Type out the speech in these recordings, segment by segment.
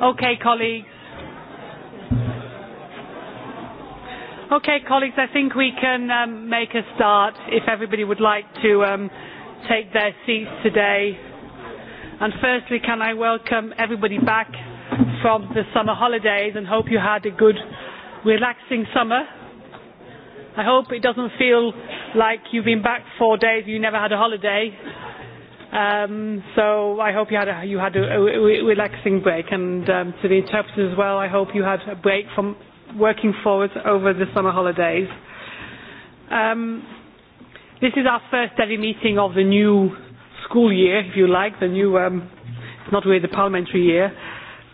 Okay, colleagues. Okay, colleagues, I think we can um, make a start if everybody would like to um, take their seats today. And firstly, can I welcome everybody back from the summer holidays and hope you had a good, relaxing summer. I hope it doesn't feel like you've been back four days and you never had a holiday. Um, so I hope you had a, you had a, a relaxing break, and um, to the interpreters as well, I hope you had a break from working forward over the summer holidays. Um, this is our first daily meeting of the new school year, if you like, the new, um, it's not really the parliamentary year.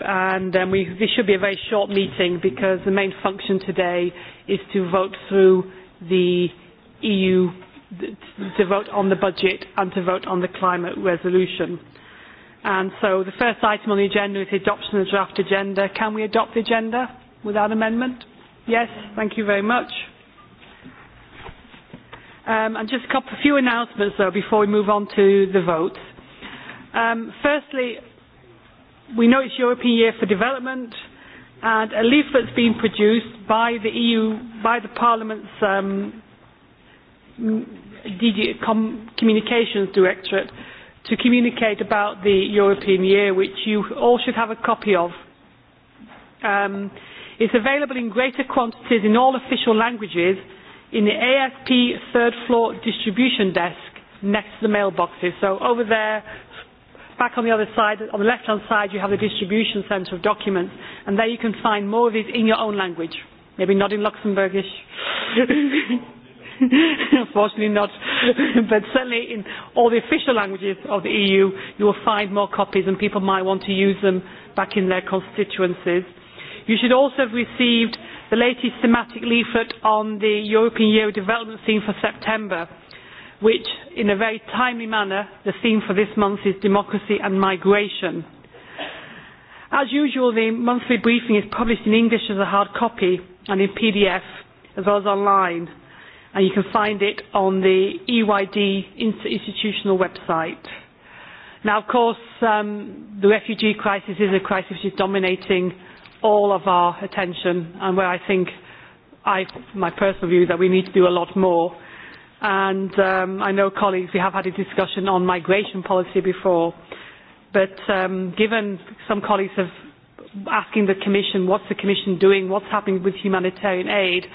And um, we, this should be a very short meeting because the main function today is to vote through the EU to vote on the budget and to vote on the climate resolution. And so the first item on the agenda is the adoption of the draft agenda. Can we adopt the agenda without amendment? Yes, thank you very much. Um, and just a couple, a few announcements though before we move on to the vote. Um, firstly, we know it's European Year for Development and a leaflet's been produced by the EU, by the Parliament's um, DG Com Communications Directorate to communicate about the European Year, which you all should have a copy of. Um, it's available in greater quantities in all official languages in the ASP third floor distribution desk next to the mailboxes. So over there, back on the other side, on the left-hand side, you have the distribution centre of documents, and there you can find more of these in your own language. Maybe not in Luxembourgish. unfortunately not, but certainly in all the official languages of the EU, you will find more copies and people might want to use them back in their constituencies. You should also have received the latest thematic leaflet on the European Year of Development theme for September, which, in a very timely manner, the theme for this month is democracy and migration. As usual, the monthly briefing is published in English as a hard copy and in PDF, as well as online and you can find it on the EYD institutional website. Now, of course, um, the refugee crisis is a crisis which is dominating all of our attention and where I think, I, my personal view, that we need to do a lot more. And um, I know, colleagues, we have had a discussion on migration policy before, but um, given some colleagues have asking the Commission, what's the Commission doing, what's happening with humanitarian aid,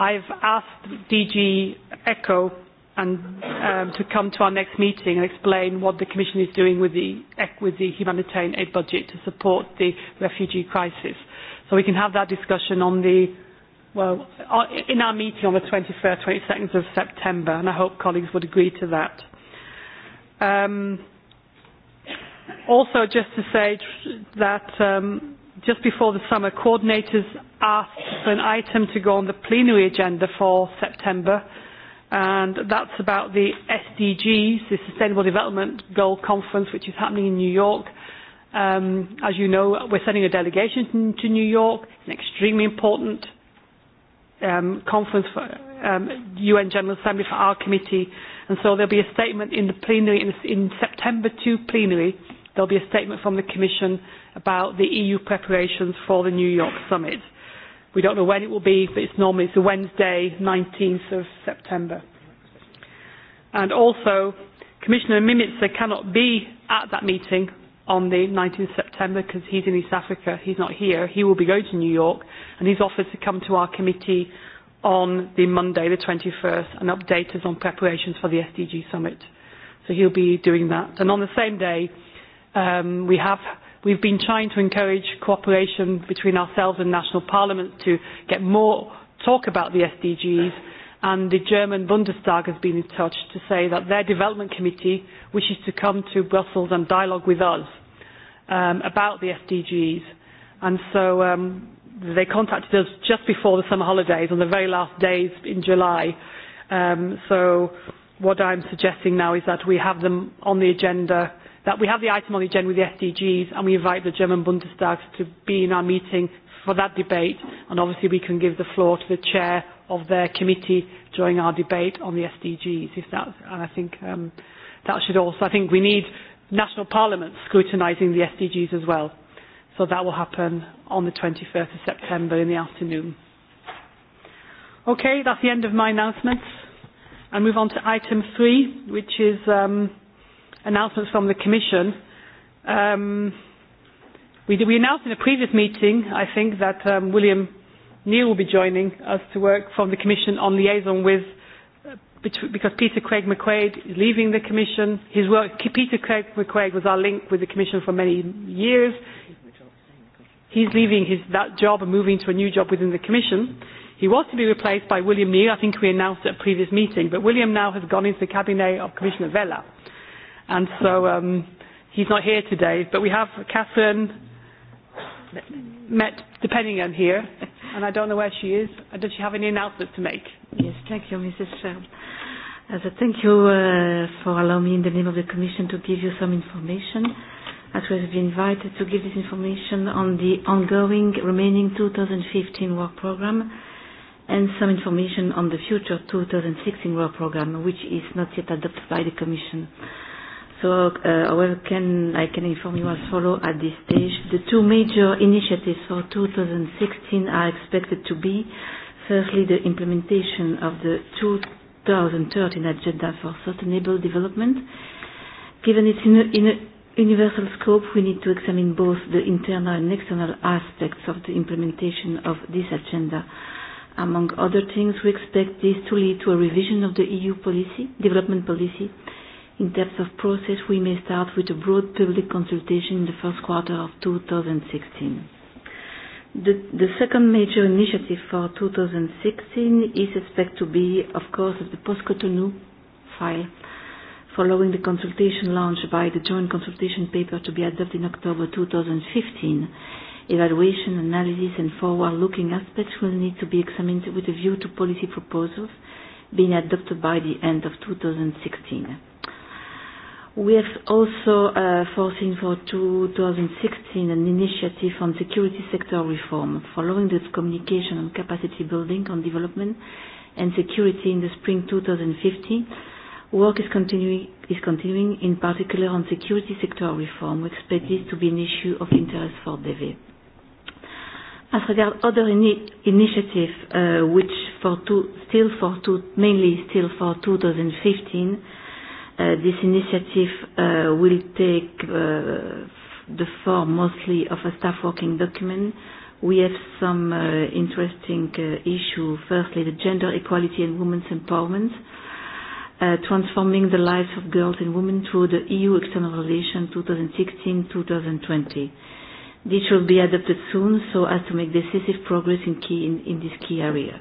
I've asked DG ECHO and um, to come to our next meeting and explain what the Commission is doing with the, with the humanitarian aid budget to support the refugee crisis. So we can have that discussion on the, well, uh, in our meeting on the 21st, 22nd of September, and I hope colleagues would agree to that. Um, also, just to say that um, just before the summer, coordinators asked for an item to go on the plenary agenda for September, and that's about the SDGs, the Sustainable Development Goal Conference, which is happening in New York. Um, as you know, we're sending a delegation to New York, an extremely important um, conference for um, UN General Assembly for our committee, and so there'll be a statement in the plenary in, in September to plenary. There'll be a statement from the Commission about the EU preparations for the New York summit. We don't know when it will be, but it's normally it's a Wednesday, 19th of September. And also, Commissioner Mimica cannot be at that meeting on the 19th September because he's in East Africa. He's not here. He will be going to New York, and he's offered to come to our committee on the Monday, the 21st, and update us on preparations for the SDG summit. So he'll be doing that. And on the same day, um, we have We've been trying to encourage cooperation between ourselves and national parliaments to get more talk about the SDGs, and the German Bundestag has been in touch to say that their development committee wishes to come to Brussels and dialogue with us um, about the SDGs. And so um, they contacted us just before the summer holidays, on the very last days in July. Um, so what I'm suggesting now is that we have them on the agenda that we have the item on the agenda with the SDGs and we invite the German Bundestag to be in our meeting for that debate and obviously we can give the floor to the chair of their committee during our debate on the SDGs if that and I think um, that should also I think we need national parliaments scrutinising the SDGs as well so that will happen on the 21st of September in the afternoon okay that's the end of my announcements I move on to item three which is um, announcements from the Commission. Um, we, we announced in a previous meeting, I think, that um, William Neil will be joining us to work from the Commission on liaison with, uh, because Peter Craig McQuaid is leaving the Commission. His work, Peter Craig McQuaid was our link with the Commission for many years. He's leaving his, that job and moving to a new job within the Commission. He was to be replaced by William Neal. I think we announced at a previous meeting, but William now has gone into the cabinet of Commissioner Vella. Uh, and so um, he's not here today. But we have Catherine Met Depenningham here, and I don't know where she is. Does she have any announcements to make? Yes, thank you, Mrs. Sherm. As a thank you uh, for allowing me in the name of the Commission to give you some information as we have been invited to give this information on the ongoing remaining 2015 work program and some information on the future 2016 work program, which is not yet adopted by the Commission. Uh, So, uh, well, can, I can inform you as follow at this stage. The two major initiatives for 2016 are expected to be, firstly, the implementation of the 2013 Agenda for Sustainable Development. Given its universal scope, we need to examine both the internal and external aspects of the implementation of this agenda. Among other things, we expect this to lead to a revision of the EU policy, development policy, In terms of process, we may start with a broad public consultation in the first quarter of 2016. The, the second major initiative for 2016 is expected to be, of course, the post-Cotonou file, following the consultation launched by the joint consultation paper to be adopted in October 2015. Evaluation, analysis, and forward-looking aspects will need to be examined with a view to policy proposals being adopted by the end of 2016. We have also uh, foreseen for 2016 an initiative on security sector reform, following this communication on capacity building on development and security in the spring 2015. Work is continuing, is continuing, in particular on security sector reform. We expect this to be an issue of interest for DEVE. As regards other ini initiatives, uh, which for two, still for two, mainly still for 2015, Uh, this initiative uh, will take uh, the form mostly of a staff working document. We have some uh, interesting uh, issues. Firstly, the gender equality and women's empowerment, uh, transforming the lives of girls and women through the EU external relation 2016-2020. This will be adopted soon so as to make decisive progress in, key, in, in this key area.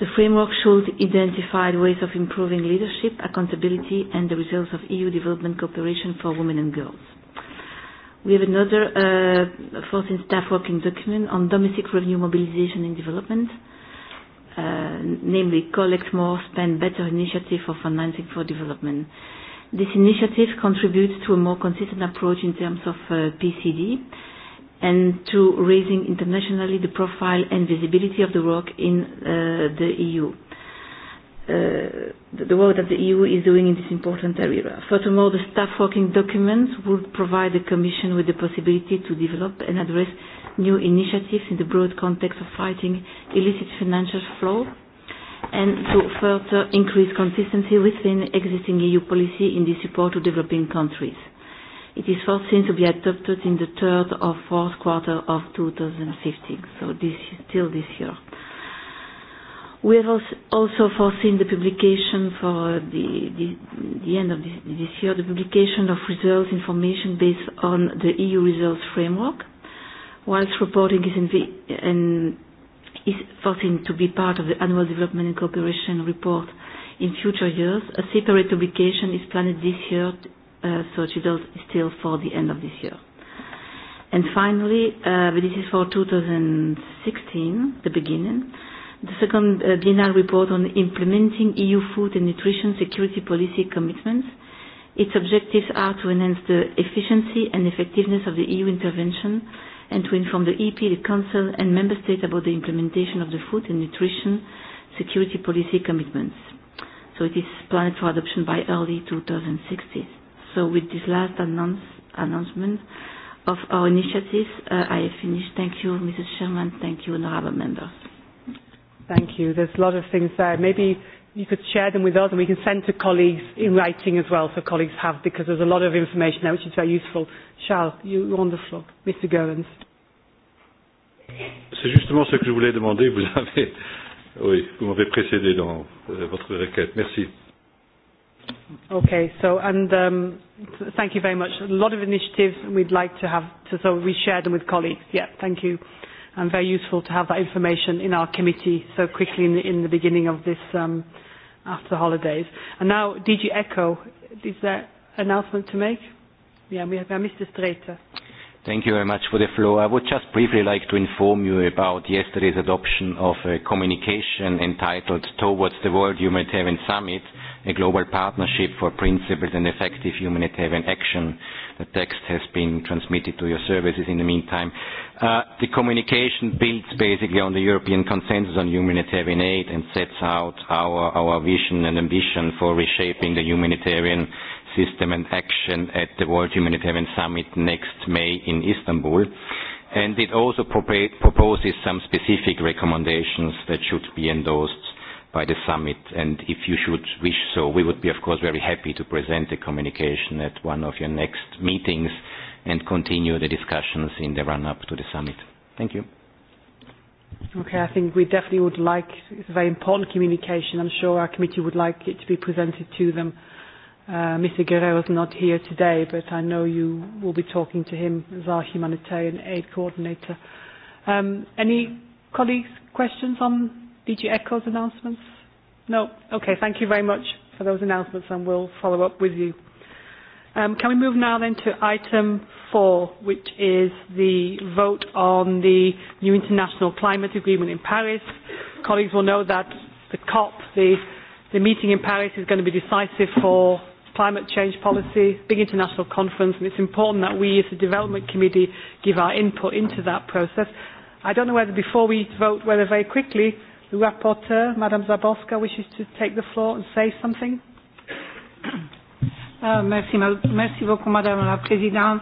The framework should identify ways of improving leadership, accountability, and the results of EU development cooperation for women and girls. We have another uh, 14 staff working document on domestic revenue mobilization and development, uh, namely Collect More, Spend Better initiative for financing for development. This initiative contributes to a more consistent approach in terms of uh, PCD and to raising internationally the profile and visibility of the work in uh, the EU. Uh, the, the work that the EU is doing in this important area. Furthermore, the staff working documents would provide the Commission with the possibility to develop and address new initiatives in the broad context of fighting illicit financial flow and to further increase consistency within existing EU policy in the support to developing countries. Uh, It is foreseen to be adopted in the third or fourth quarter of 2015, so this, till this year. We have also foreseen the publication for uh, the, the, the end of this, this year, the publication of results information based on the EU results framework, whilst reporting is, in, and is foreseen to be part of the annual development and cooperation report in future years. A separate publication is planned this year uh, such result is still for the end of this year. And finally, uh, but this is for 2016, the beginning, the second uh, DNR report on implementing EU food and nutrition security policy commitments. Its objectives are to enhance the efficiency and effectiveness of the EU intervention and to inform the EP, the Council and Member States about the implementation of the food and nutrition security policy commitments. So it is planned for adoption by early 2016. So with this last announce, announcement of our initiatives, uh, I have finished. Thank you, Mrs. Chairman. Thank you, honorable members. Thank you. There's a lot of things there. Maybe you could share them with us and we can send to colleagues in writing as well so colleagues have because there's a lot of information there which is very useful. Charles, you're on the floor. Mr. Goins. C'est justement ce que je voulais demander. Vous avez, oui, vous m'avez précédé dans euh, votre requête. Merci. Euh, Okay, so and um, thank you very much. A lot of initiatives we'd like to have, to, so we share them with colleagues. Yeah, thank you. And very useful to have that information in our committee so quickly in the, in the beginning of this um, after the holidays. And now, DG Echo, is there an announcement to make? Yeah, we have uh, Mr. Streeter. Thank you very much for the floor. I would just briefly like to inform you about yesterday's adoption of a communication entitled Towards the World Humanitarian Summit – a global partnership for principled and effective humanitarian action. The text has been transmitted to your services in the meantime. Uh, the communication builds basically on the European consensus on humanitarian aid and sets out our, our vision and ambition for reshaping the humanitarian system and action at the World Humanitarian Summit next May in Istanbul and it also proposes some specific recommendations that should be endorsed by the summit. And if you should wish so, we would be, of course, very happy to present the communication at one of your next meetings and continue the discussions in the run-up to the summit. Thank you. Okay, I think we definitely would like, it's a very important communication. I'm sure our committee would like it to be presented to them. Uh, Mr. Guerrero is not here today, but I know you will be talking to him as our humanitarian aid coordinator. Um, any colleagues' questions on DG ECHO's announcements? No? Okay, thank you very much for those announcements and we'll follow up with you. Um, can we move now then to item four, which is the vote on the new international climate agreement in Paris. Colleagues will know that the COP, the, the meeting in Paris, is going to be decisive for climate change policy, big international conference, and it's important that we as the Development Committee give our input into that process. I don't know whether before we vote, whether very quickly The rapporteur, Madame Zaborska, wishes to take the floor and say something. Uh, merci, merci beaucoup, Madame la Présidente.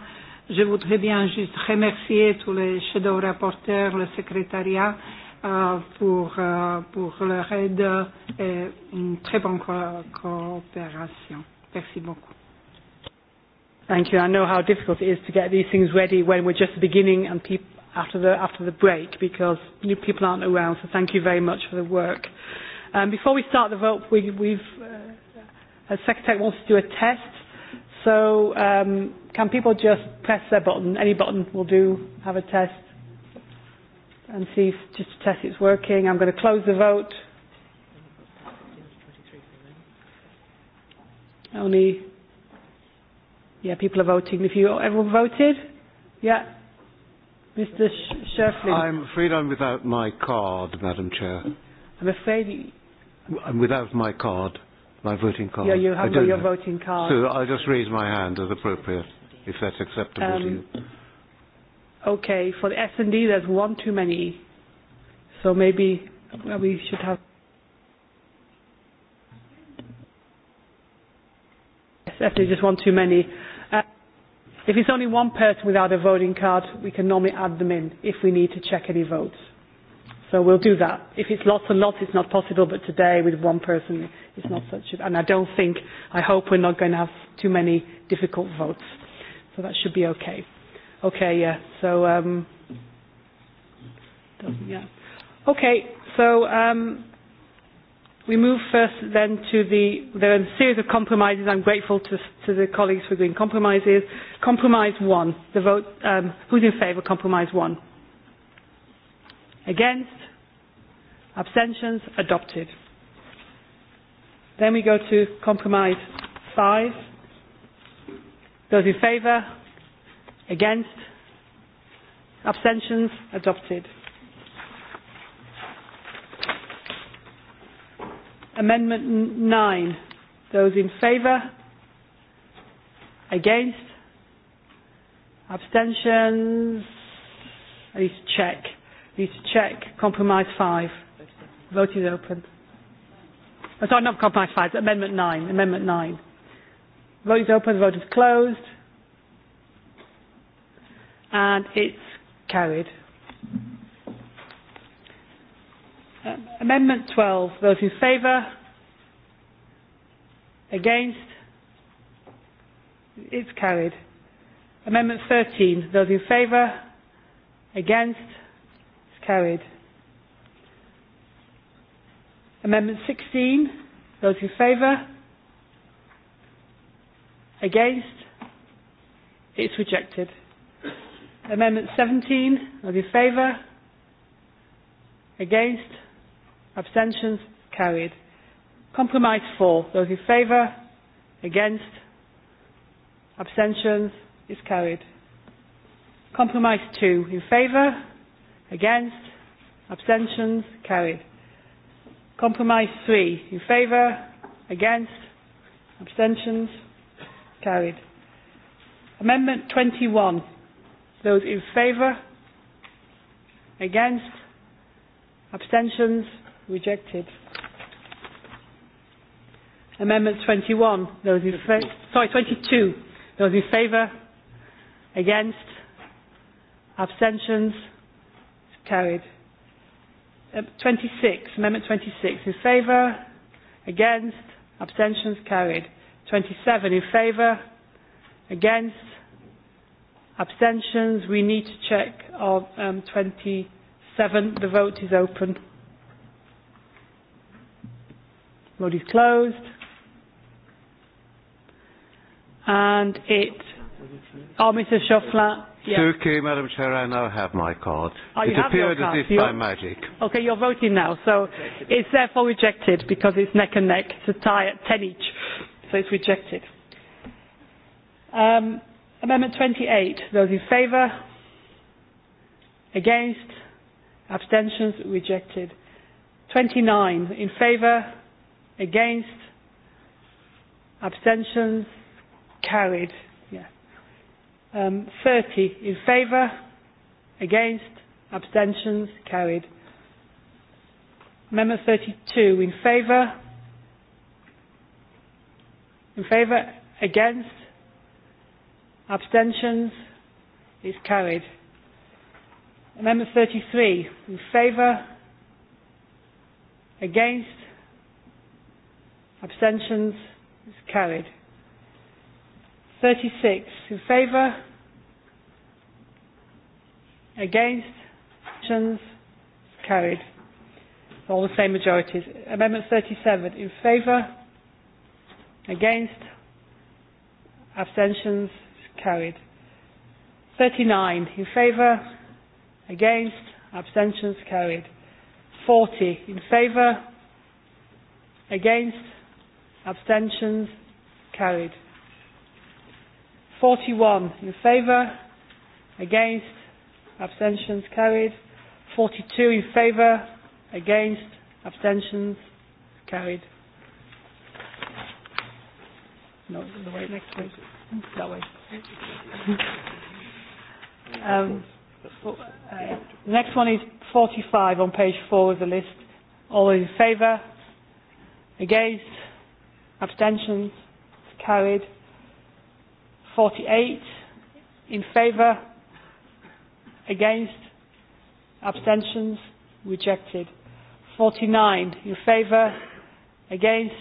Je voudrais bien juste remercier tous les shadow rapporteurs, le secrétariat euh, pour, euh, pour leur aide et une très bonne co coopération. Merci beaucoup. Thank you. I know how difficult it is to get these things ready when we're just the beginning and people after the, after the break because new people aren't around, so thank you very much for the work. Um, before we start the vote, we, we've, uh, as Secretary wants to do a test, so um, can people just press their button? Any button will do, have a test and see if, just to test it's working. I'm going to close the vote. Only, yeah, people are voting. If you, everyone voted? Yeah, Mr. Shefflin. I'm afraid I'm without my card, Madam Chair. I'm afraid. You... I'm without my card, my voting card. Yeah, you have no, your have. voting card. So I'll just raise my hand as appropriate, if that's acceptable um, to you. Um, okay, for the S&D, there's one too many. So maybe well, uh, we should have. Yes, definitely just one too many. If it's only one person without a voting card, we can normally add them in if we need to check any votes. So we'll do that. If it's lots and lots, it's not possible, but today with one person, it's not such a... And I don't think, I hope we're not going to have too many difficult votes. So that should be okay. Okay, yeah, so... Um, yeah. Okay, so um, We move first then to the, there are a series of compromises. I'm grateful to, to the colleagues for agreeing compromises. Compromise one, the vote, um, who's in favour compromise one? Against? Abstentions? Adopted. Then we go to compromise five. Those in favour? Against? Abstentions? Adopted. Amendment 9. Those in favour? Against? Abstentions? I need to check. I need to check. Compromise 5. Vote is open. Oh, sorry, not compromise 5. Amendment 9. Amendment 9. Vote is open. Vote is closed. And it's carried. Um, amendment 12, those in favour? Against? It's carried. Amendment 13, those in favour? Against? It's carried. Amendment 16, those in favour? Against? It's rejected. Amendment 17, those in favour? Against? Abstentions? Carried. Compromise 4. Those in favour? Against? Abstentions? Is carried. Compromise 2. In favour? Against? Abstentions? Carried. Compromise 3. In favour? Against? Abstentions? Carried. Amendment 21. Those in favour? Against? Abstentions? Rejected. Amendment 21. Those in fa- sorry, 22. Those in favour? Against? Abstentions? It's carried. Uh, um, 26. Amendment 26. In favour? Against? Abstentions? Carried. 27. In favour? Against? Abstentions? We need to check on um, 27. The vote is open. Vote is closed. And it. Oh, Mr. Schofler. Yeah. Turkey, Madam Chair, I now have my card. Oh, it appeared card. as if you're, by magic. Okay, you're voting now, so it's therefore rejected because it's neck and neck. It's a tie at 10 each, so it's rejected. Um, amendment 28. Those in favour? Against? Abstentions? Rejected. 29. In favour? Against? Abstentions? Carried. Yeah. Um, 30 in favour? Against? Abstentions? Carried. Amendment 32 in favour? In favour? Against? Abstentions? is carried. Amendment 33, in favour? Against? Abstentions? It's carried. 36. In favour? Against? Abstentions? It's carried. All the same majorities. Amendment 37. In favour? Against? Abstentions? It's carried. 39. In favour? Against? Abstentions? Carried. 40. In favour? Against? Abstentions? Carried. 41 in favour. Against? Abstentions? Carried. 42 in favour. Against? Abstentions? Carried. No, the way next way. That way. um, uh, next one is 45 on page 4 of the list. All in favour? Against? Abstentions? Carried. 48 in favour? Against? Abstentions? Rejected. 49 in favour? Against?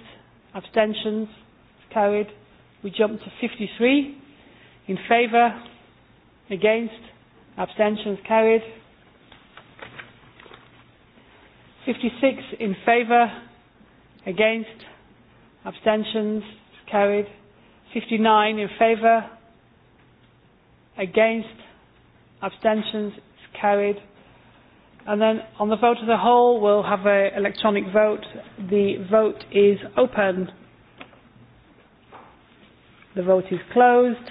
Abstentions? Carried. We jump to 53 in favour? Against? Abstentions? Carried. 56 in favour? Against? abstentions carried 59 in favour against abstentions carried and then on the vote of the whole we'll have an electronic vote the vote is open the vote is closed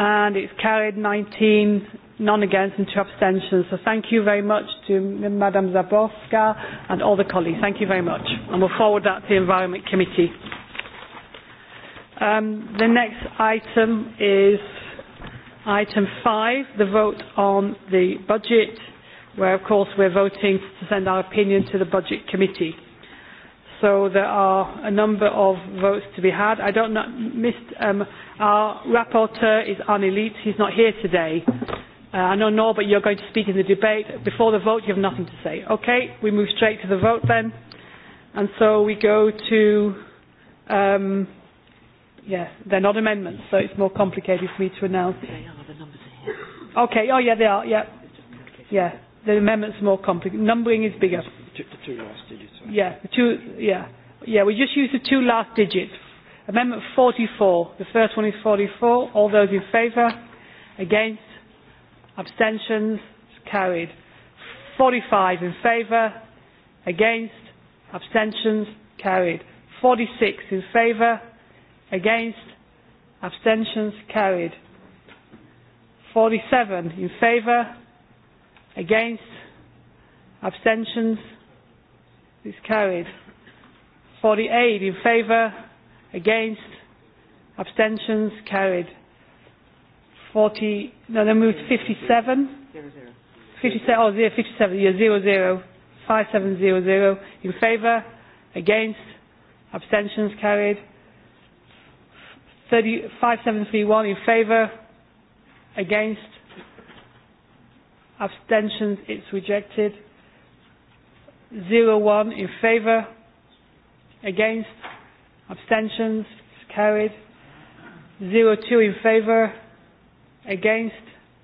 and it's carried 19 none against and two abstentions. So thank you very much to Madame Zaborska and all the colleagues. Thank you very much. And we'll forward that to the Environment Committee. Um, the next item is item five, the vote on the budget, where of course we're voting to send our opinion to the Budget Committee. So there are a number of votes to be had. I don't know, missed, um, our rapporteur is Arne Leitz. He's not here today. Uh, I know, Norbert, you're going to speak in the debate. Before the vote, you have nothing to say. Okay, we move straight to the vote then. And so we go to, um, yes, yeah, they're not amendments, so it's more complicated for me to announce. They are, the numbers are here. Okay, oh yeah, they are, yeah. Yeah, the amendments are more complicated. Numbering is bigger. Yes. Two, the two last digits. Sorry. Yeah, the two, yeah. Yeah, we just use the two last digits. Amendment 44. The first one is 44. All those in favour? Against? Abstentions? Carried. 45 in favour? Against? Abstentions? Carried. 46 in favour? Against? Abstentions? Carried. 47 in favour? Against? Abstentions? is carried. 48 in favour, against, abstentions carried. 40, no, they moved 57. 57, oh, 0, 57, yeah, 0, 0, 5700 in favour, against, abstentions carried. 30, 5731 in favour, against, abstentions, it's rejected. 01 in favour, against, abstentions, it's carried. 02 in favour, against,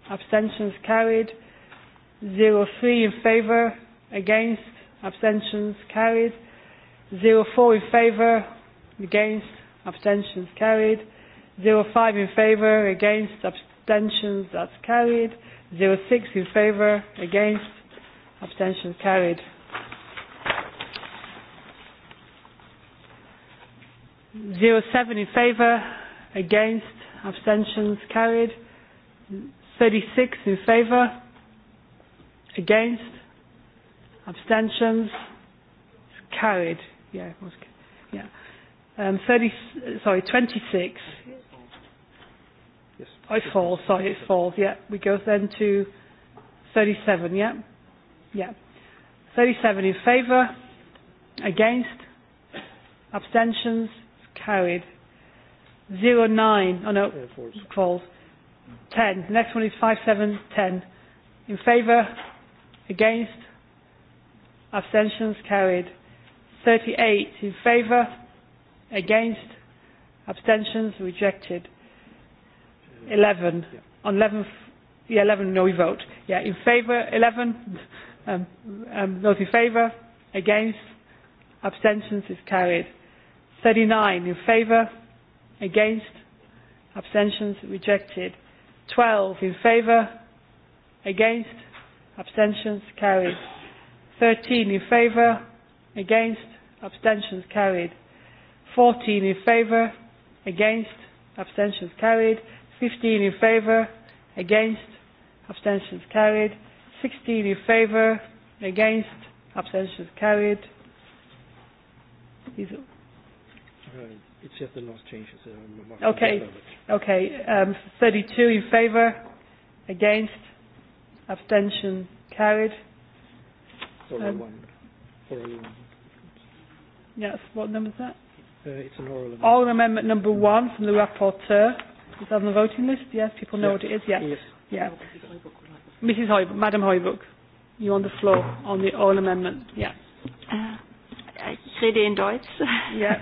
abstentions carried. 03 in favour, against, abstentions carried. 04 in favour, against, abstentions carried. 05 in favour, against, abstentions, that's carried. 06 in favour, against, abstentions carried. 07 in favour, against, abstentions carried. 36 in favour, against, abstentions carried. Yeah, it was, yeah. Um, 30, sorry, 26. Yes. I fall, sorry, it falls, yeah. We go then to 37, yeah? Yeah. 37 in favour, against, abstentions Carried. Zero nine. Oh no, yeah, false. false. Ten. The next one is five seven ten. In favour. Against. Abstentions carried. Thirty eight. In favour. Against. Abstentions rejected. Eleven. Yeah. On eleven. Yeah, eleven. No, we vote. Yeah, in favour. Eleven. Um, um, those in favour. Against. Abstentions is carried. 39 in favour, against, abstentions rejected. 12 in favour, against, abstentions carried. 13 in favour, against, abstentions carried. 14 in favour, against, abstentions carried. 15 in favour, against, abstentions carried. 16 in favour, against, abstentions carried. These Right. It's just the last changes. Okay. Okay. Um, 32 in favour, against, abstention carried. Oral um, one. Oral one. Yes. What number is that? Uh, it's an oral amendment. Oral amendment number one from the rapporteur. Is that on the voting list? Yes. People know yes. what it is. Yes. yes. Yeah. Mrs. Hoybuk, Madam Hoybuk, you on the floor on the oral amendment. Yeah. Uh, rede in Deutsch. Ja,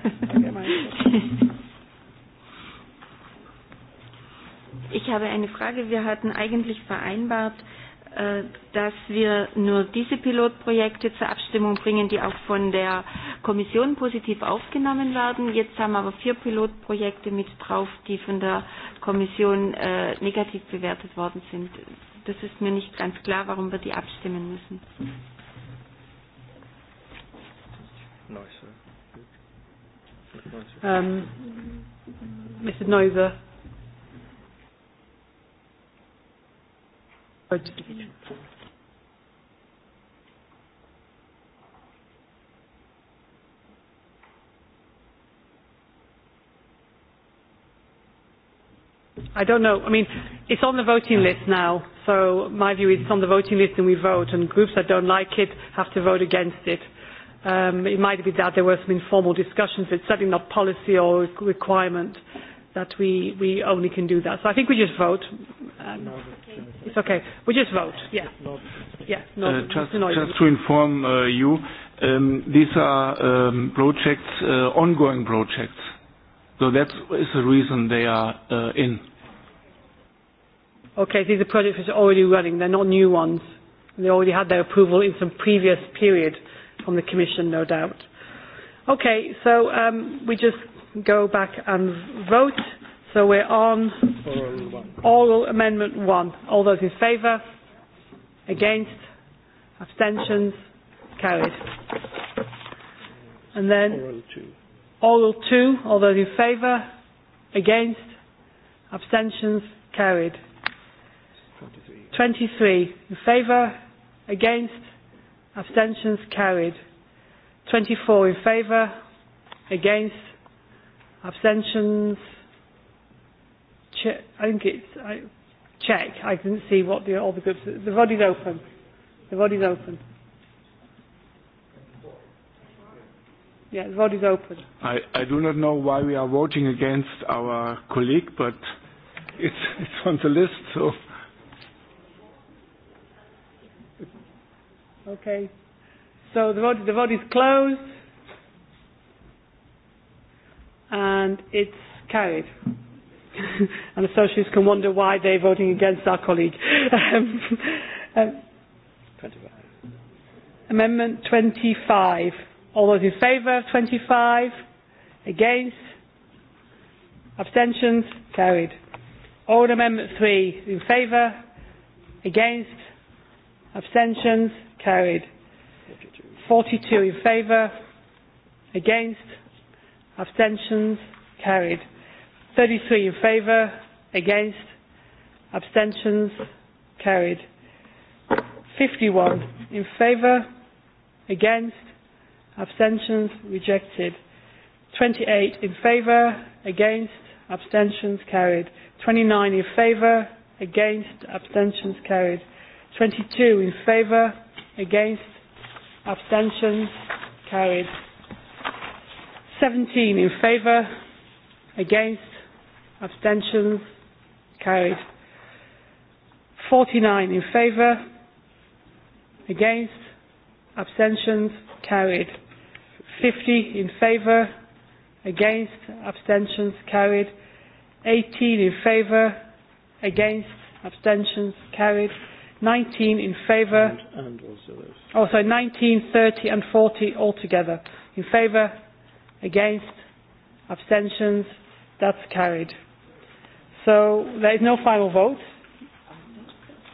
Ich habe eine Frage. Wir hatten eigentlich vereinbart, äh, dass wir nur diese Pilotprojekte zur Abstimmung bringen, die auch von der Kommission positiv aufgenommen werden. Jetzt haben aber vier Pilotprojekte mit drauf, die von der Kommission äh, negativ bewertet worden sind. Das ist mir nicht ganz klar, warum wir die abstimmen müssen. Mhm nicer. nicer. Um, Mr. Neuser. I don't know. I mean, it's on the voting list now. So my view is it's on the voting list and we vote, and groups that don't like it have to vote against it. Um, it might be that there were some informal discussions. It's certainly not policy or requirement that we, we only can do that. So I think we just vote. Um, okay. It's okay. We just vote. Yeah. Yeah. No, uh, just, just to inform uh, you, um, these are um, projects, uh, ongoing projects. So that is the reason they are uh, in. Okay, these are projects which are already running. They're not new ones. They already had their approval in some previous period. Uh, from the Commission, no doubt. Okay, so um, we just go back and vote. So we're on oral, one. oral amendment one. All those in favour? Against? Abstentions? Carried. And then oral two. Oral two. All those in favour? Against? Abstentions? Carried. 23. 23. In favour? Against? Abstentions carried. 24 in favour. Against. Abstentions. Che- I think it's I, check. I didn't see what the all the groups. The vote is open. The vote is open. Yeah, the vote is open. I, I do not know why we are voting against our colleague, but it's, it's on the list, so Okay. So the vote, the vote is closed. And it's carried. and the socialists can wonder why they're voting against our colleague. um, um, 25. Amendment 25. All those in favour of 25? Against? Abstentions? Carried. Oral Amendment 3. In favour? Against? Abstentions? Carried. 42 in favour. Against. Abstentions. Carried. 33 in favour. Against. Abstentions. Carried. 51 in favour. Against. Abstentions. Rejected. 28 in favour. Against. Abstentions. Carried. 29 in favour. Against. Abstentions. Carried. 22 in favour Against? Abstentions? Carried. 17 in favour? Against? Abstentions? Carried. 49 in favour? Against? Abstentions? Carried. 50 in favour? Against? Abstentions? Carried. 18 in favour? Against? Abstentions? Carried. 19 in favour. And, and also those. Oh, sorry, 19, 30 and 40 altogether. In favour, against, abstentions, that's carried. So there is no final vote.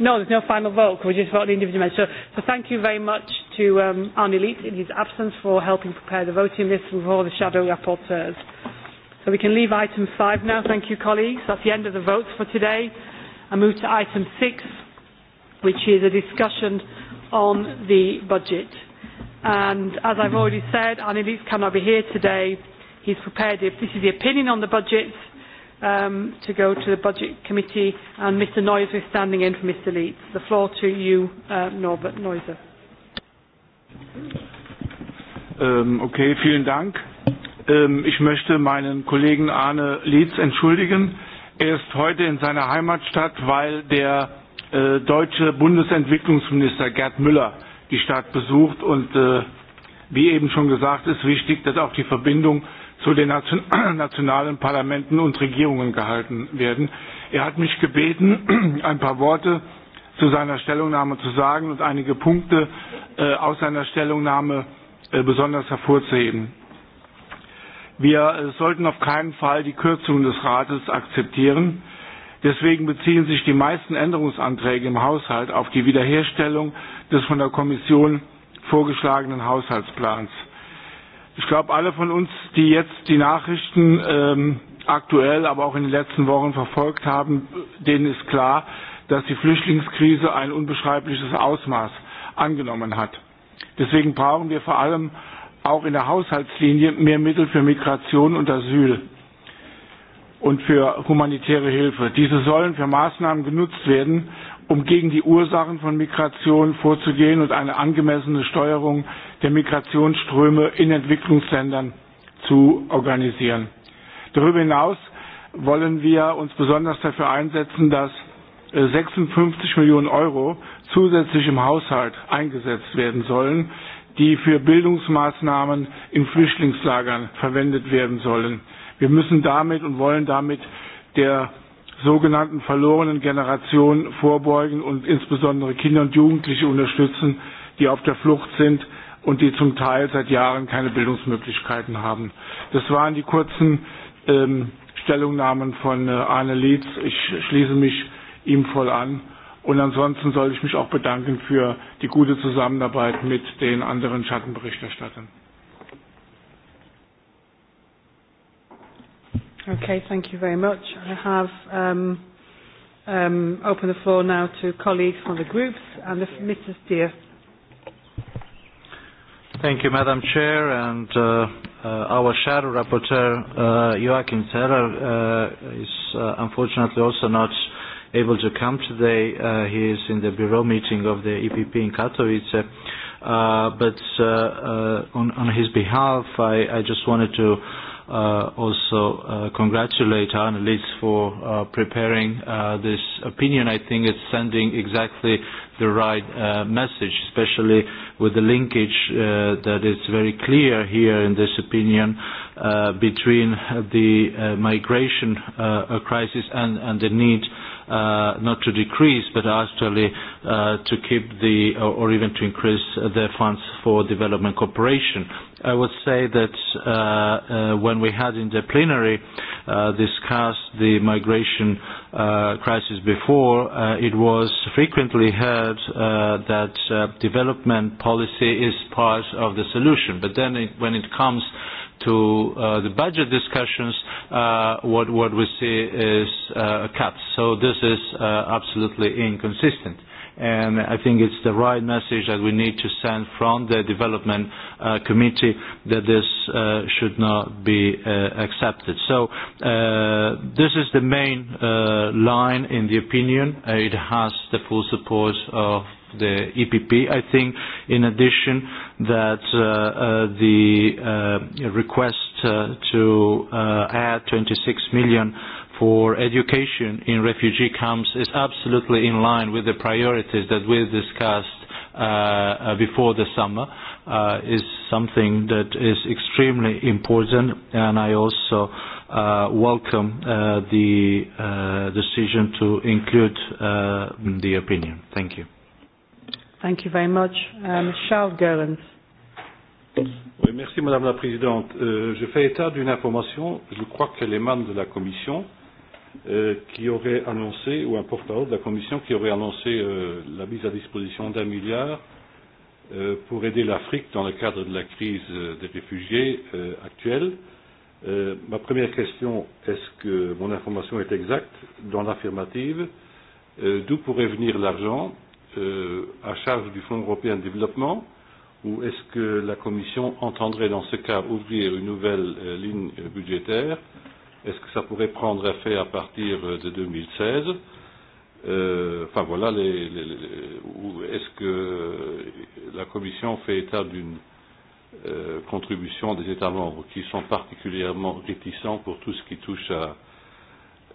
No, there's no final vote. We just vote the individual measures. So, so thank you very much to um, Arne Leet in his absence for helping prepare the voting list and for all the shadow rapporteurs. So we can leave item five now. Thank you, colleagues. That's the end of the votes for today. I move to item six which is a discussion on the budget. And as I've already said, Annelies cannot be here today. He's prepared, if this is the opinion on the budgets, um, to go to the Budget Committee, and Mr Noiser is standing in for Mr Leeds. The floor to you, uh, Norbert Neuser. Ähm, okay, vielen Dank. Ähm, ich möchte meinen Kollegen Arne Lietz entschuldigen. Er ist heute in seiner Heimatstadt, weil der äh, deutsche Bundesentwicklungsminister Gerd Müller die Stadt besucht. Und äh, wie eben schon gesagt, ist wichtig, dass auch die Verbindung zu den Nation nationalen Parlamenten und Regierungen gehalten werden. Er hat mich gebeten, ein paar Worte zu seiner Stellungnahme zu sagen und einige Punkte äh, aus seiner Stellungnahme äh, besonders hervorzuheben. Wir äh, sollten auf keinen Fall die Kürzungen des Rates akzeptieren. Deswegen beziehen sich die meisten Änderungsanträge im Haushalt auf die Wiederherstellung des von der Kommission vorgeschlagenen Haushaltsplans. Ich glaube, alle von uns, die jetzt die Nachrichten ähm, aktuell, aber auch in den letzten Wochen verfolgt haben, denen ist klar, dass die Flüchtlingskrise ein unbeschreibliches Ausmaß angenommen hat. Deswegen brauchen wir vor allem auch in der Haushaltslinie mehr Mittel für Migration und Asyl und für humanitäre Hilfe. Diese sollen für Maßnahmen genutzt werden, um gegen die Ursachen von Migration vorzugehen und eine angemessene Steuerung der Migrationsströme in Entwicklungsländern zu organisieren. Darüber hinaus wollen wir uns besonders dafür einsetzen, dass 56 äh, Millionen Euro zusätzlich im Haushalt eingesetzt werden sollen, die für Bildungsmaßnahmen in Flüchtlingslagern verwendet werden sollen. Wir müssen damit und wollen damit der sogenannten verlorenen Generation vorbeugen und insbesondere Kinder und Jugendliche unterstützen, die auf der Flucht sind und die zum Teil seit Jahren keine Bildungsmöglichkeiten haben. Das waren die kurzen ähm, Stellungnahmen von äh, Arne Lietz. Ich schließe mich ihm voll an. Und ansonsten soll ich mich auch bedanken für die gute Zusammenarbeit mit den anderen Schattenberichterstattern. Okay, thank you very much. I have um, um, opened the floor now to colleagues from the groups and the, Mrs. Dear. Thank you, Madam Chair, and uh, uh, our shadow rapporteur, uh, Joachim Zeller, uh, is uh, unfortunately also not able to come today. Uh, he is in the bureau meeting of the EPP in Katowice. Uh, but uh, uh, on, on his behalf, I, I just wanted to uh, uh, also uh, congratulate Annelies for uh, preparing uh, this opinion. I think it's sending exactly the right uh, message, especially with the linkage uh, that is very clear here in this opinion uh, between the uh, migration uh, crisis and, and the need uh, uh, not to decrease, but actually uh, to keep the, or, or even to increase their funds for development cooperation. I would say that uh, uh, when we had in the plenary uh, discussed the migration uh, crisis before, uh, it was frequently heard uh, that uh, development policy is part of the solution. But then it, when it comes uh, to uh, the budget discussions, uh, what, what we see is uh, cuts. So this is uh, absolutely inconsistent and I think it's the right message that we need to send from the development uh, committee that this uh, should not be uh, accepted. So uh, this is the main uh, line in the opinion. Uh, it has the full support of the EPP. I think, in addition, that uh, uh, the uh, request uh, to uh, add 26 million uh, for education in refugee camps is absolutely in line with the priorities that we discussed uh, uh, before the summer uh, is something that is extremely important and I also uh, welcome uh, the uh, decision to include uh, the opinion. Thank you. Thank you very much. Um, Charles Goerens. Oui, merci Madame la Présidente. Euh, je fais état d'une information, je crois qu'elle émane de la Commission. Euh, euh, qui aurait annoncé, ou un porte-parole de la Commission qui aurait annoncé euh, la mise à disposition d'un milliard euh, pour aider l'Afrique dans le cadre de la crise euh, des réfugiés euh, actuelle. Euh, ma première question, est-ce que mon information est exacte Dans l'affirmative, euh, d'où pourrait venir l'argent euh, à charge du Fonds européen de développement ou est-ce que la Commission entendrait dans ce cas ouvrir une nouvelle euh, ligne budgétaire euh, Est-ce que ça pourrait prendre effet à partir euh, de 2016 euh, Enfin voilà, les, les, les, est-ce que la Commission fait état d'une euh, contribution des États membres qui sont particulièrement réticents pour tout ce qui touche à,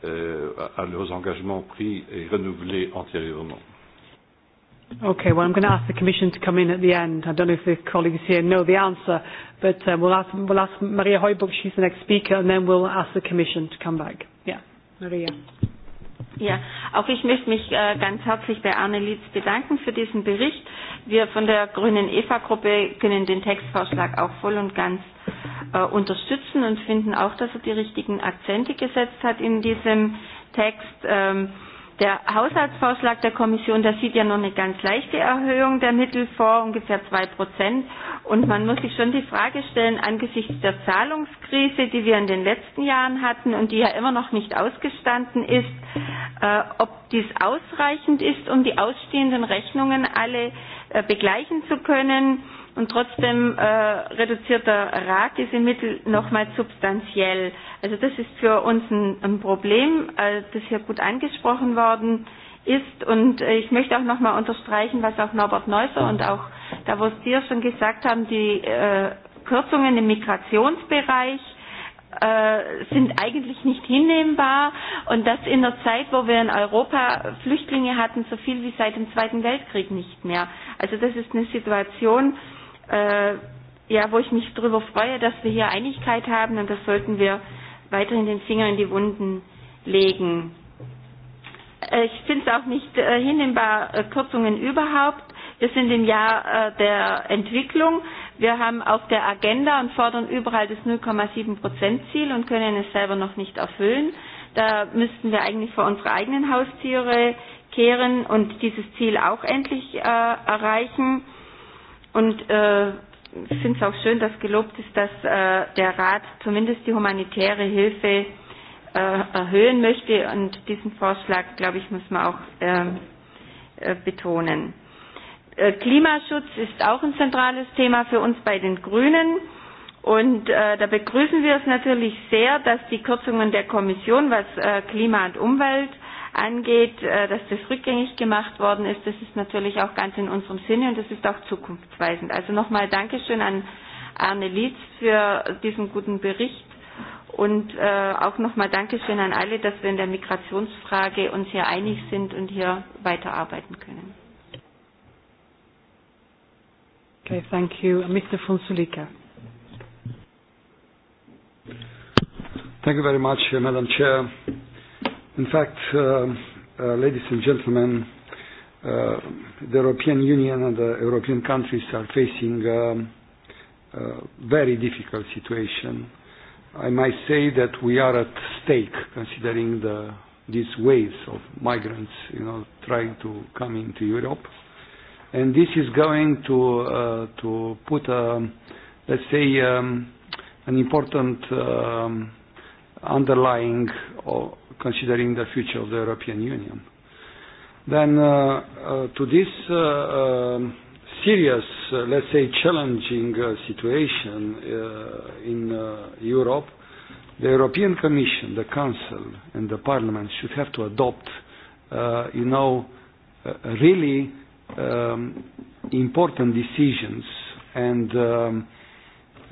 euh, à leurs engagements pris et renouvelés antérieurement Okay, well, I'm going to ask the Commission to come in at the end. I don't know if the colleagues here know the answer, but um, we'll, ask, we'll ask Maria Heubuck, she's the next speaker, and then we'll ask the Commission to come back. Yeah, Maria. Ja, auch ich möchte mich äh, ganz herzlich bei Arne Lietz bedanken für diesen Bericht. Wir von der Grünen EFA-Gruppe können den Textvorschlag auch voll und ganz äh, unterstützen und finden auch, dass er die richtigen Akzente gesetzt hat in diesem Text. Ähm, Der Haushaltsvorschlag der Kommission, das sieht ja nur eine ganz leichte Erhöhung der Mittel vor, ungefähr zwei Prozent. Und man muss sich schon die Frage stellen, angesichts der Zahlungskrise, die wir in den letzten Jahren hatten und die ja immer noch nicht ausgestanden ist, äh, ob dies ausreichend ist, um die ausstehenden Rechnungen alle äh, begleichen zu können und trotzdem äh, reduziert der Rat diese Mittel nochmals substanziell. Also das ist für uns ein, ein Problem, äh, das hier gut angesprochen worden ist. Und äh, ich möchte auch nochmal unterstreichen, was auch Norbert Neusser und auch Davos Dier schon gesagt haben, die äh, Kürzungen im Migrationsbereich äh, sind eigentlich nicht hinnehmbar und das in der Zeit, wo wir in Europa Flüchtlinge hatten, so viel wie seit dem Zweiten Weltkrieg nicht mehr. Also das ist eine Situation, äh, äh, ja, wo ich mich darüber freue, dass wir hier Einigkeit haben und das sollten wir weiterhin den Finger in die Wunden legen. Äh, ich finde es auch nicht äh, hinnehmbar, äh, Kürzungen überhaupt. Wir sind im Jahr äh, der Entwicklung. Wir haben auf der Agenda und fordern überall das 0,7 Prozent Ziel und können es selber noch nicht erfüllen. Da müssten wir eigentlich vor unsere eigenen Haustiere kehren und dieses Ziel auch endlich äh, erreichen. Und äh, ich finde es auch schön, dass gelobt ist, dass äh, der Rat zumindest die humanitäre Hilfe äh, erhöhen möchte. Und diesen Vorschlag, glaube ich, muss man auch äh, äh, betonen. Äh, Klimaschutz ist auch ein zentrales Thema für uns bei den Grünen. Und äh, da begrüßen wir es natürlich sehr, dass die Kürzungen der Kommission, was äh, Klima und Umwelt äh, angeht, äh, dass das rückgängig gemacht worden ist. Das ist natürlich auch ganz in unserem Sinne und das ist auch zukunftsweisend. Also nochmal Dankeschön an Arne Lietz für diesen guten Bericht und äh, auch nochmal Dankeschön an alle, dass wir in der Migrationsfrage uns hier einig sind und hier weiterarbeiten können. Okay, thank you. Mr. Fonsulica. Thank you very much, Madam Chair. In fact, uh, uh, ladies and gentlemen, uh, the European Union and the European countries are facing um, a very difficult situation. I might say that we are at stake considering the, these waves of migrants, you know, trying to come into Europe. And this is going to, uh, to put, a, um, let's say, um, an important um, underlying considering the future of the European Union. Then uh, uh, to this uh, um, serious, uh, let's say challenging uh, situation uh, in uh, Europe, the European Commission, the Council and the Parliament should have to adopt, uh, you know, uh, really um, important decisions and um,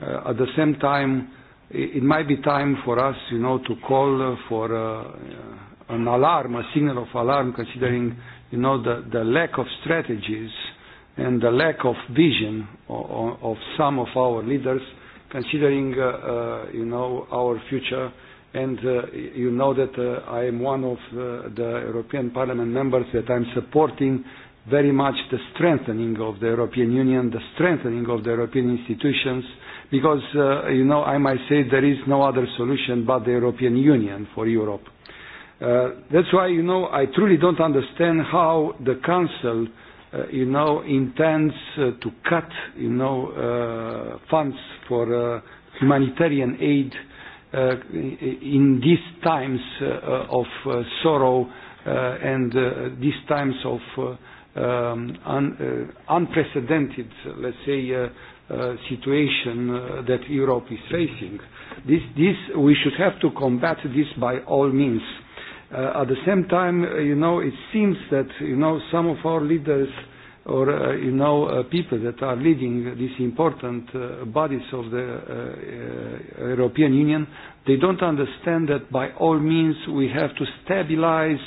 uh, at the same time it, it might be time for us, you know, to call for uh, uh, an alarm, a signal of alarm, considering, you know, the, the lack of strategies and the lack of vision of, of some of our leaders, considering, uh, uh, you know, our future. And uh, you know that uh, I am one of uh, the European Parliament members that I'm supporting very much the strengthening of the European Union, the strengthening of the European institutions, because, uh, you know, I might say there is no other solution but the European Union for Europe. Uh, that's why, you know, I truly don't understand how the Council, uh, you know, intends uh, to cut, you know, uh, funds for uh, humanitarian aid uh, in these times uh, of uh, sorrow uh, and uh, these times of uh, um, un, uh, unprecedented, let's say, uh, uh, situation uh, that Europe is facing. This, this, we should have to combat this by all means. Uh, at the same time, uh, you know, it seems that, you know, some of our leaders or, uh, you know, uh, people that are leading these important uh, bodies of the uh, uh, European Union, they don't understand that by all means we have to stabilize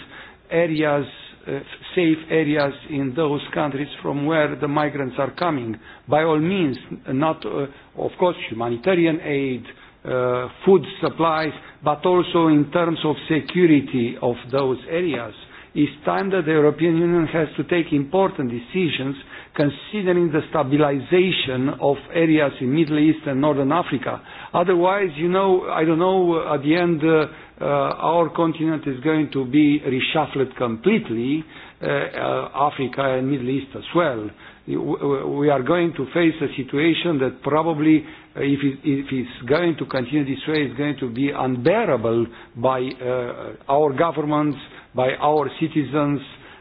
areas uh, uh, safe areas in those countries from where the migrants are coming. By all means, not, uh, of course, humanitarian aid, uh, food supplies, but also in terms of security of those areas. It's time that the European Union has to take important decisions considering the stabilization of areas in Middle East and Northern Africa. Otherwise, you know, I don't know, uh, at the end, uh, uh, our continent is going to be reshuffled completely, uh, uh, Africa and Middle East as well. We are going to face a situation that probably, uh, if, it, if it's going to continue this way, is going to be unbearable by uh, our governments, by our citizens,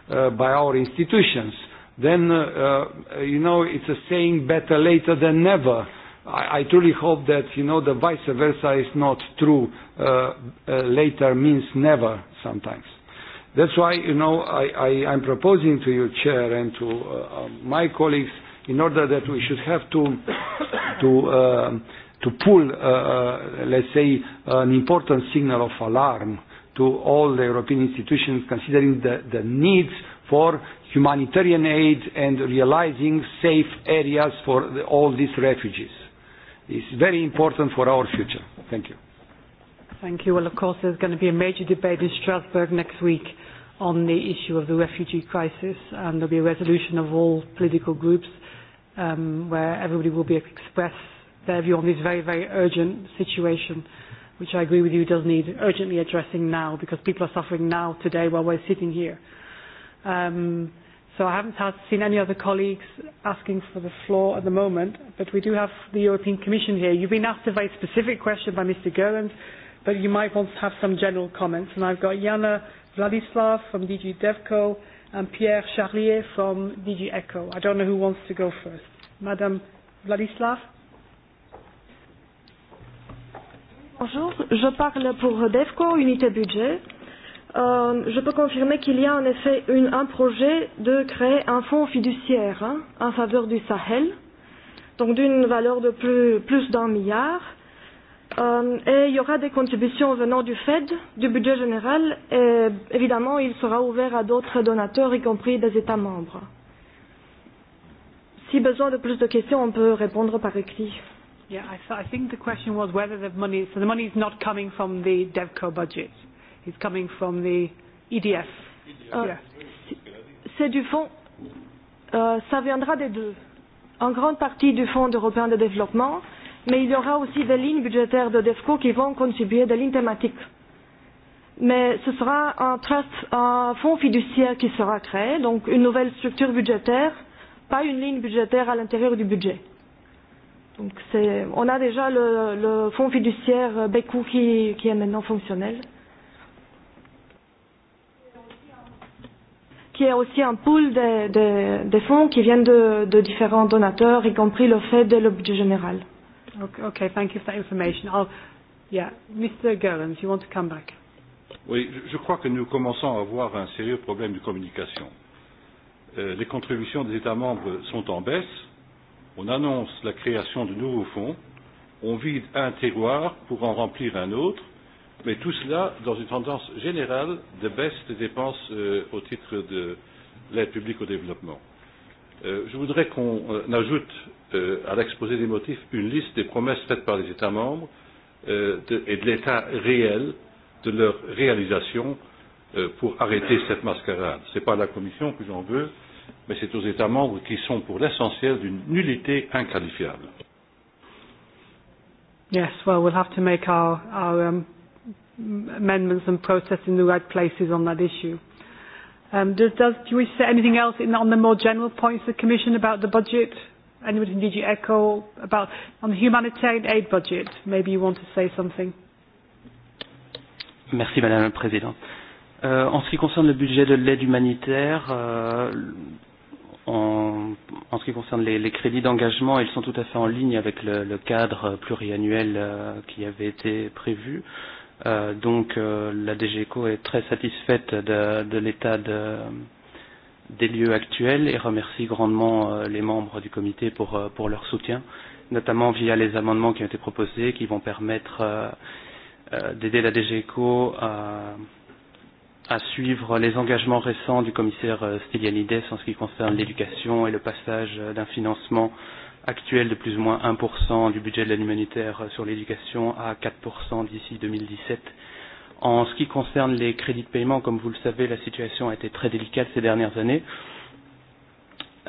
uh, by our institutions. Then, uh, uh, you know, it's a saying better later than never. Uh, I, I truly hope that you know the vice versa is not true. Uh, uh, later means never sometimes. That's why you know I, I, I'm proposing to you, chair, and to uh, um, my colleagues, in order that we should have to to uh, to pull, uh, uh, let's say, an important signal of alarm to all the European institutions, considering the, the needs for humanitarian aid and realizing safe areas for the, all these refugees is very important for our future. Thank you. Thank you. Well, of course, there's going to be a major debate in Strasbourg next week on the issue of the refugee crisis, and there'll be a resolution of all political groups um, where everybody will be express their view on this very, very urgent situation, which I agree with you does need urgently addressing now because people are suffering now today while we're sitting here. Um, So I haven't had, seen any other colleagues asking for the floor at the moment, but we do have the European Commission here. You've been asked a very specific question by Mr. Gerland, but you might want to have some general comments. And I've got Jana Vladislav from DG DevCo and Pierre Charlier from DG ECHO. I don't know who wants to go first. Madame Vladislav? Bonjour, je parle pour DEFCO, unité budget. Euh, euh, je peux confirmer qu'il y a en effet une, un projet de créer un fonds fiduciaire hein, en faveur du Sahel, donc d'une valeur de plus, plus d'un milliard. Euh, et il y aura des contributions venant du Fed, du budget général, et évidemment, il sera ouvert à d'autres donateurs, y compris des États membres. Si besoin de plus de questions, on peut répondre par écrit. Yeah, I, th I think the question was whether the money, so the money is not coming from the DevCo budget. He's coming from the EDF. Euh, yeah. C'est du fonds, euh, ça viendra des deux. En grande partie du Fonds européen de développement, mais il y aura aussi des lignes budgétaires de DEFCO qui vont contribuer, des lignes thématiques. Mais ce sera un trust, un fonds fiduciaire qui sera créé, donc une nouvelle structure budgétaire, pas une ligne budgétaire à l'intérieur du budget. Donc on a déjà le, le fonds fiduciaire BECU qui, qui est maintenant fonctionnel. Euh, qui est aussi un pool de, de, de fonds qui viennent de, de différents donateurs, y compris le fait de l'objet général. Okay, okay, thank you for that information. I'll, yeah, Mr. Goerens, you want to come back? Oui, je, je crois que nous commençons à avoir un sérieux problème de communication. Euh, les contributions des États membres sont en baisse. On annonce la création de nouveaux fonds. On vide un terroir pour en remplir un autre mais tout cela dans une tendance générale de baisse des dépenses euh, au titre de l'aide publique au développement. Euh, je voudrais qu'on euh, ajoute euh, à l'exposé des motifs une liste des promesses faites par les États membres euh, de, et de l'état réel de leur réalisation euh, pour arrêter cette mascarade. Ce n'est pas à la Commission que j'en veux, mais c'est aux États membres qui sont pour l'essentiel d'une nullité inqualifiable. Yes, well, we'll have to make our, our um, amendments and process in the right places on that issue. Um, does, does, do we say anything else in, on the more general points of the Commission about the budget? Anybody in DG ECHO about on the humanitarian aid budget? Maybe you want to say something. Merci Madame la Présidente. Euh, en ce qui concerne le budget de l'aide humanitaire, euh, en, en ce qui concerne les, les crédits d'engagement, ils sont tout à fait en ligne avec le, le cadre pluriannuel euh, qui avait été prévu. Euh, Euh, donc euh, la DGECO est très satisfaite de, de l'état de, des lieux actuels et remercie grandement euh, les membres du comité pour, euh, pour leur soutien, notamment via les amendements qui ont été proposés qui vont permettre euh, euh, d'aider la DGECO à, à suivre les engagements récents du commissaire euh, Stylianides en ce qui concerne l'éducation et le passage euh, d'un financement euh, actuelle de plus ou moins 1% du budget de l'aide humanitaire sur l'éducation à 4% d'ici 2017. En ce qui concerne les crédits de paiement, comme vous le savez, la situation a été très délicate ces dernières années.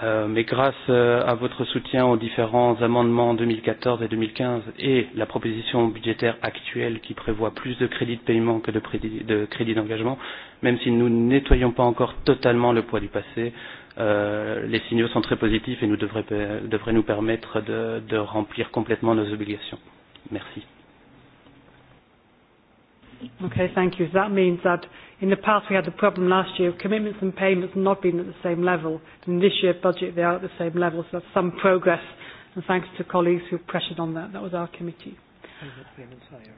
Euh, mais grâce euh, à votre soutien aux différents amendements 2014 et 2015 et la proposition budgétaire actuelle qui prévoit plus de crédits de paiement que de, prédit, de crédits d'engagement, même si nous ne nettoyons pas encore totalement le poids du passé, euh, les signaux sont très positifs et nous devraient, devraient nous permettre de, de remplir complètement nos obligations. Merci. Okay, thank you. So that means that in the past we had the problem last year of commitments and payments not being at the same level. In this year's budget they are at the same level, so that's some progress. And thanks to colleagues who pressured on that. That was our committee. Payments higher.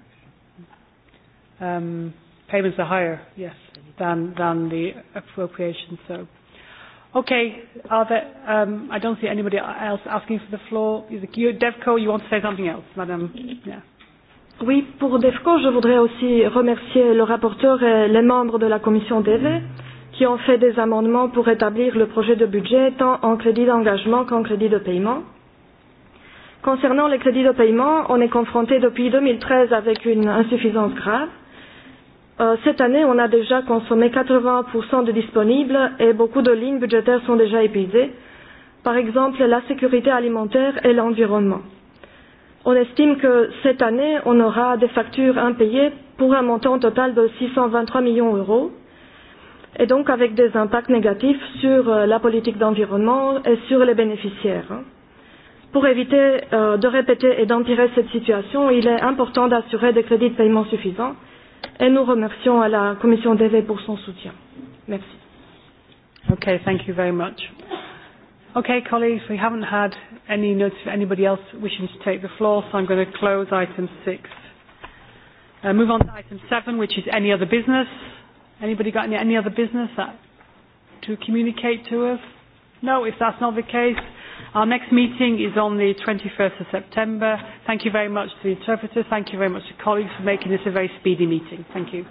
Um, payments are higher, yes, than, than the appropriation. So Okay. Are there, um, I don't see anybody else asking for the floor. You, Devco, you want to say something else, madame? Yeah. Oui, pour DEFCO, je voudrais aussi remercier le rapporteur et les membres de la commission DV qui ont fait des amendements pour établir le projet de budget tant en crédit d'engagement qu'en crédit de paiement. Concernant les crédits de paiement, on est confronté depuis 2013 avec une insuffisance grave Euh, cette année, on a déjà consommé 80% de disponibles et beaucoup de lignes budgétaires sont déjà épuisées, par exemple la sécurité alimentaire et l'environnement. On estime que cette année, on aura des factures impayées pour un montant total de 623 millions d'euros, et donc avec des impacts négatifs sur euh, la politique d'environnement et sur les bénéficiaires. Pour éviter euh, de répéter et d'empirer cette situation, il est important d'assurer des crédits de paiement suffisants et nous remercions à la commission DV pour son soutien. Merci. Okay, thank you very much. Okay, colleagues, we haven't had any notice of anybody else wishing to take the floor, so I'm going to close item six. Uh, move on to item seven, which is any other business. Anybody got any, any other business that, to communicate to us? No, if that's not the case, Our next meeting is on the 21st of September. Thank you very much to the interpreters. Thank you very much to colleagues for making this a very speedy meeting. Thank you.